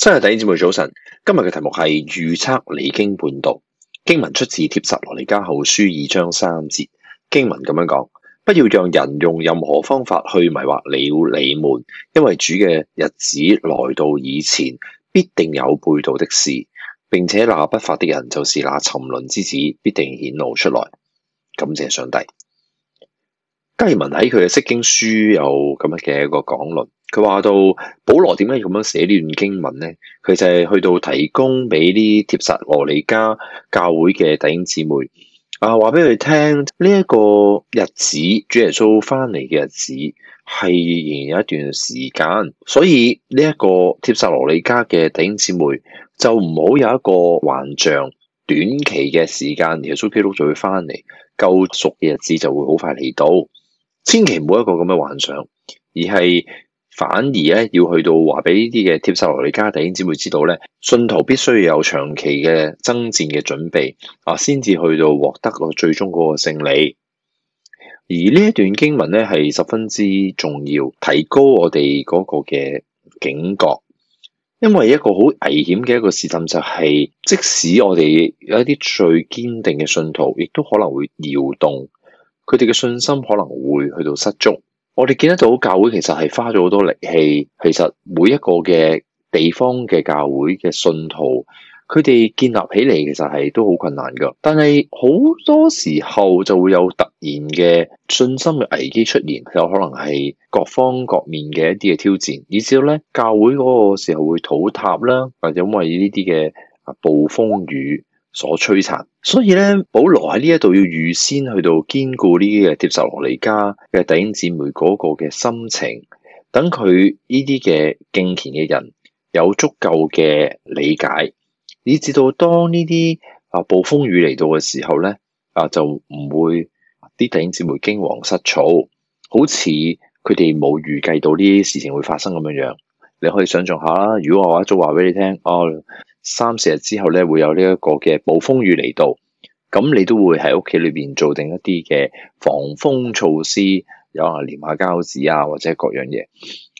真係弟兄姊妹早晨，今日嘅題目係預測離經叛道。經文出自帖撒羅尼加後書二章三節，經文咁樣講：不要讓人用任何方法去迷惑了你，你們，因為主嘅日子來到以前，必定有背道的事，並且那不法的人就是那沉淪之子，必定顯露出來。感謝上帝。加爾文喺佢嘅釋經書有咁樣嘅一個講論。佢話到，保羅點解要咁樣寫呢段經文咧？佢就係去到提供俾啲帖撒羅尼加教會嘅弟兄姊妹啊，話俾佢哋聽，呢一個日子，主耶穌翻嚟嘅日子，係仍然有一段時間，所以呢一個帖撒羅尼加嘅弟兄姊妹就唔好有一個幻象，短期嘅時間，耶穌基督就會翻嚟，救贖嘅日子就會好快嚟到，千祈唔好一個咁嘅幻想，而係。反而咧，要去到話俾呢啲嘅帖撒羅尼迦弟兄姊妹知道咧，信徒必須要有長期嘅征戰嘅準備啊，先至去到獲得個最終嗰個勝利。而呢一段經文咧，係十分之重要，提高我哋嗰個嘅警覺，因為一個好危險嘅一個時陣就係、是，即使我哋有一啲最堅定嘅信徒，亦都可能會搖動，佢哋嘅信心可能會去到失足。我哋見得到教會其實係花咗好多力氣。其實每一個嘅地方嘅教會嘅信徒，佢哋建立起嚟，其實係都好困難噶。但係好多時候就會有突然嘅信心嘅危機出現，有可能係各方各面嘅一啲嘅挑戰，以至到咧教會嗰個時候會土塌啦，或者因為呢啲嘅暴風雨。所摧殘，所以咧，保羅喺呢一度要預先去到堅固呢啲嘅帖撒羅尼迦嘅弟兄姊妹嗰個嘅心情，等佢呢啲嘅敬虔嘅人有足夠嘅理解，以至到當呢啲啊暴風雨嚟到嘅時候咧，啊就唔會啲弟兄姊妹驚惶失措，好似佢哋冇預計到呢啲事情會發生咁樣樣。你可以想象下啦，如果我一早話俾你聽，我、啊。三四日之後咧，會有呢一個嘅暴風雨嚟到，咁你都會喺屋企裏邊做定一啲嘅防風措施，有可能粘下膠紙啊，或者各樣嘢。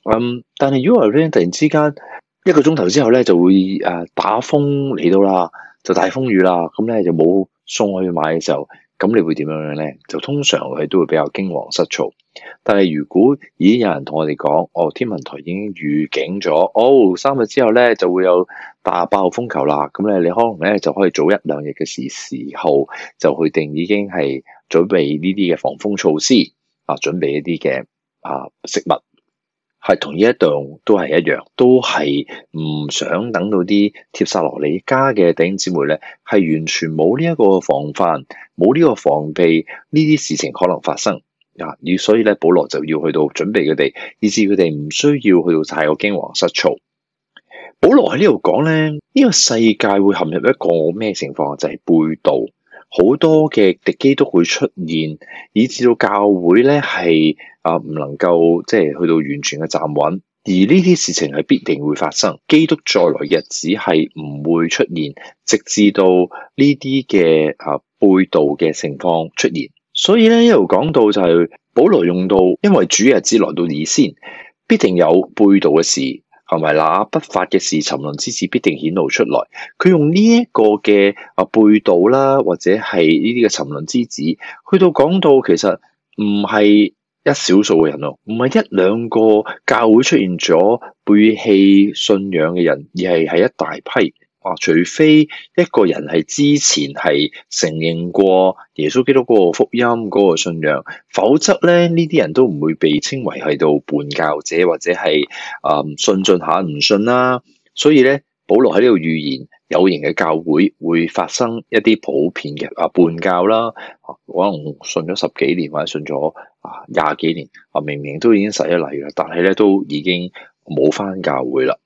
咁，嗯，但係如果突然之間一個鐘頭之後咧，就會誒打風嚟到啦，就大風雨啦，咁咧就冇送我去買嘅時候。咁你會點樣樣咧？就通常佢都會比較驚惶失措，但係如果已經有人同我哋講，哦，天文台已經預警咗，哦，三日之後咧就會有大爆風球啦，咁咧你可能咧就可以早一兩日嘅時時候就去定已經係準備呢啲嘅防風措施啊，準備一啲嘅啊食物。係同呢一度都係一樣，都係唔想等到啲帖撒羅尼加嘅弟兄姊妹咧，係完全冇呢一個防範，冇呢個防備呢啲事情可能發生。啊，所以咧保羅就要去到準備佢哋，以至佢哋唔需要去到太過驚惶失措。保羅喺呢度講咧，呢個世界會陷入一個咩情況？就係背道。好多嘅敵基督會出現，以至到教會咧係啊唔能夠即係去到完全嘅站穩，而呢啲事情係必定會發生。基督再來日子係唔會出現，直至到呢啲嘅啊背道嘅情況出現。所以咧一路講到就係、是、保羅用到，因為主日子來到而先，必定有背道嘅事。同埋那不法嘅事沉淪之子必定顯露出來。佢用呢一個嘅啊背道啦，或者係呢啲嘅沉淪之子，去到講到其實唔係一少數嘅人咯，唔係一兩個教會出現咗背棄信仰嘅人，而係係一大批。啊，除非一個人係之前係承認過耶穌基督嗰個福音嗰，那個信仰，否則咧呢啲人都唔會被稱為係到叛教者或者係誒、嗯、信盡下唔信啦。所以咧，保羅喺呢度預言有形嘅教會，會會發生一啲普遍嘅啊叛教啦，可能信咗十幾年或者信咗啊廿幾年啊，明明都已經洗咗禮啦，但係咧都已經冇返教會啦。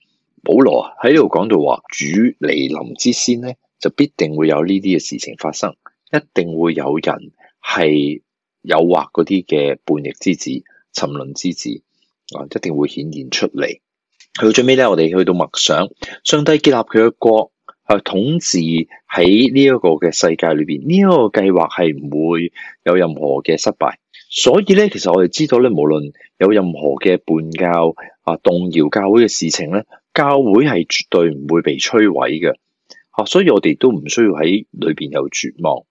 保羅喺呢度講到話，主嚟臨之先咧，就必定會有呢啲嘅事情發生，一定會有人係誘惑嗰啲嘅叛逆之子、沉淪之子，啊，一定會顯現出嚟。去到最尾咧，我哋去到默想上帝建立佢嘅國，啊，統治喺呢一個嘅世界裏邊，呢一個計劃係唔會有任何嘅失敗。所以咧，其實我哋知道咧，無論有任何嘅叛教啊、動搖教會嘅事情咧，教會係絕對唔會被摧毀嘅，啊！所以我哋都唔需要喺裏邊有絕望，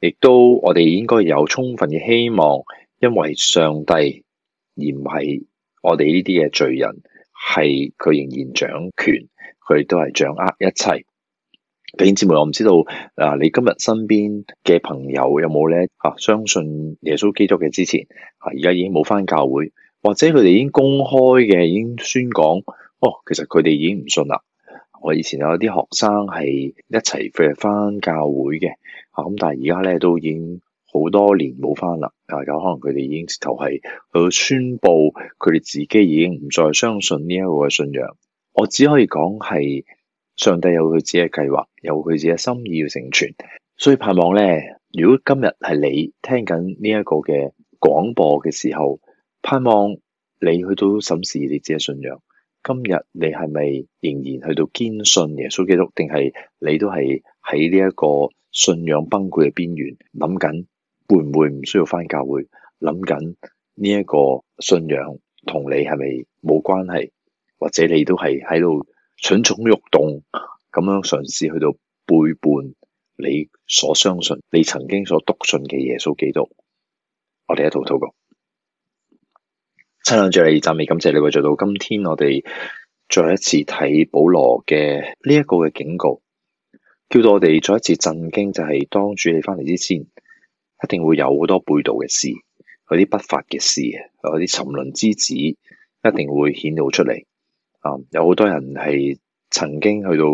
亦都我哋應該有充分嘅希望，因為上帝而唔係我哋呢啲嘅罪人，係佢仍然掌權，佢都係掌握一切。弟兄姊妹，我唔知道嗱，啊，你今日身邊嘅朋友有冇咧？啊，相信耶穌基督嘅之前，啊，而家已經冇返教會，或者佢哋已經公開嘅，已經宣講。哦，其實佢哋已經唔信啦。我以前有啲學生係一齊翻教會嘅，吓咁，但係而家咧都已經好多年冇翻啦。啊，有可能佢哋已經頭係去宣布佢哋自己已經唔再相信呢一個嘅信仰。我只可以講，係上帝有佢自己嘅計劃，有佢自己心意要成全，所以盼望咧，如果今日係你聽緊呢一個嘅廣播嘅時候，盼望你去到審視你自己信仰。今日你係咪仍然去到堅信耶穌基督，定係你都係喺呢一個信仰崩潰嘅邊緣，諗緊會唔會唔需要返教會，諗緊呢一個信仰同你係咪冇關係，或者你都係喺度蠢蠢欲動，咁樣嘗試去到背叛你所相信、你曾經所篤信嘅耶穌基督，我哋一度禱告。趁住你讚美，感謝你為做到今天，我哋再一次睇保羅嘅呢一個嘅警告，叫到我哋再一次震驚，就係、是、當主你翻嚟之前，一定會有好多背道嘅事，嗰啲不法嘅事，嗰啲沉淪之子一定會顯露出嚟。啊，有好多人係曾經去到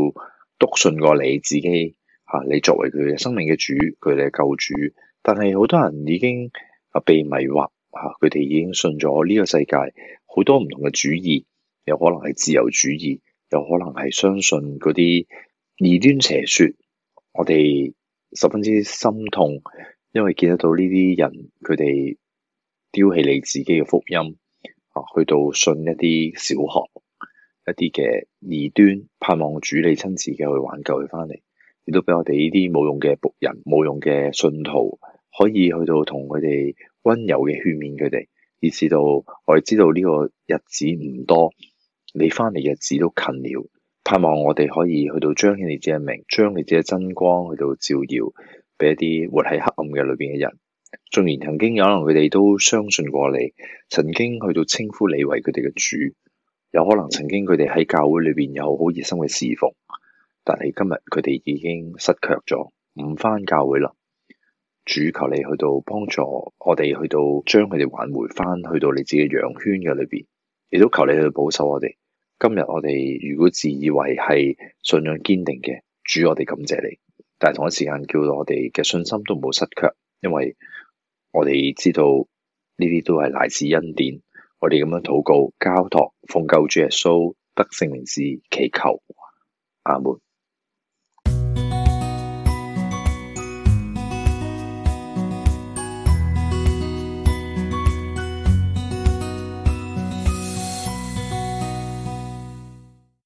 篤信過你自己，嚇你作為佢嘅生命嘅主，佢哋嘅救主，但係好多人已經啊被迷惑。吓，佢哋、啊、已經信咗呢個世界好多唔同嘅主義，有可能係自由主義，有可能係相信嗰啲異端邪說。我哋十分之心痛，因為見得到呢啲人，佢哋丟棄你自己嘅福音，啊，去到信一啲小學一啲嘅異端，盼望主你親自嘅去挽救佢翻嚟，亦都俾我哋呢啲冇用嘅僕人、冇用嘅信徒，可以去到同佢哋溫柔嘅勸勉佢哋，以至到我哋知道呢個日子唔多，你翻嚟嘅日子都近了。盼望我哋可以去到將你嘅名、將你嘅真光去到照耀，俾一啲活喺黑暗嘅裏邊嘅人。縱然曾經有可能佢哋都相信過你，曾經去到稱呼你為佢哋嘅主，有可能曾經佢哋喺教會裏邊有好熱心嘅侍奉，但係今日佢哋已經失卻咗，唔翻教會啦。主求你去到幫助我哋去到將佢哋挽回翻去到你自己羊圈嘅裏邊，亦都求你去到保守我哋。今日我哋如果自以為係信仰堅定嘅，主我哋感謝你。但係同一時間叫到我哋嘅信心都唔好失卻，因為我哋知道呢啲都係來自恩典。我哋咁樣禱告、交託、奉救主耶穌得聖名字祈求。阿門。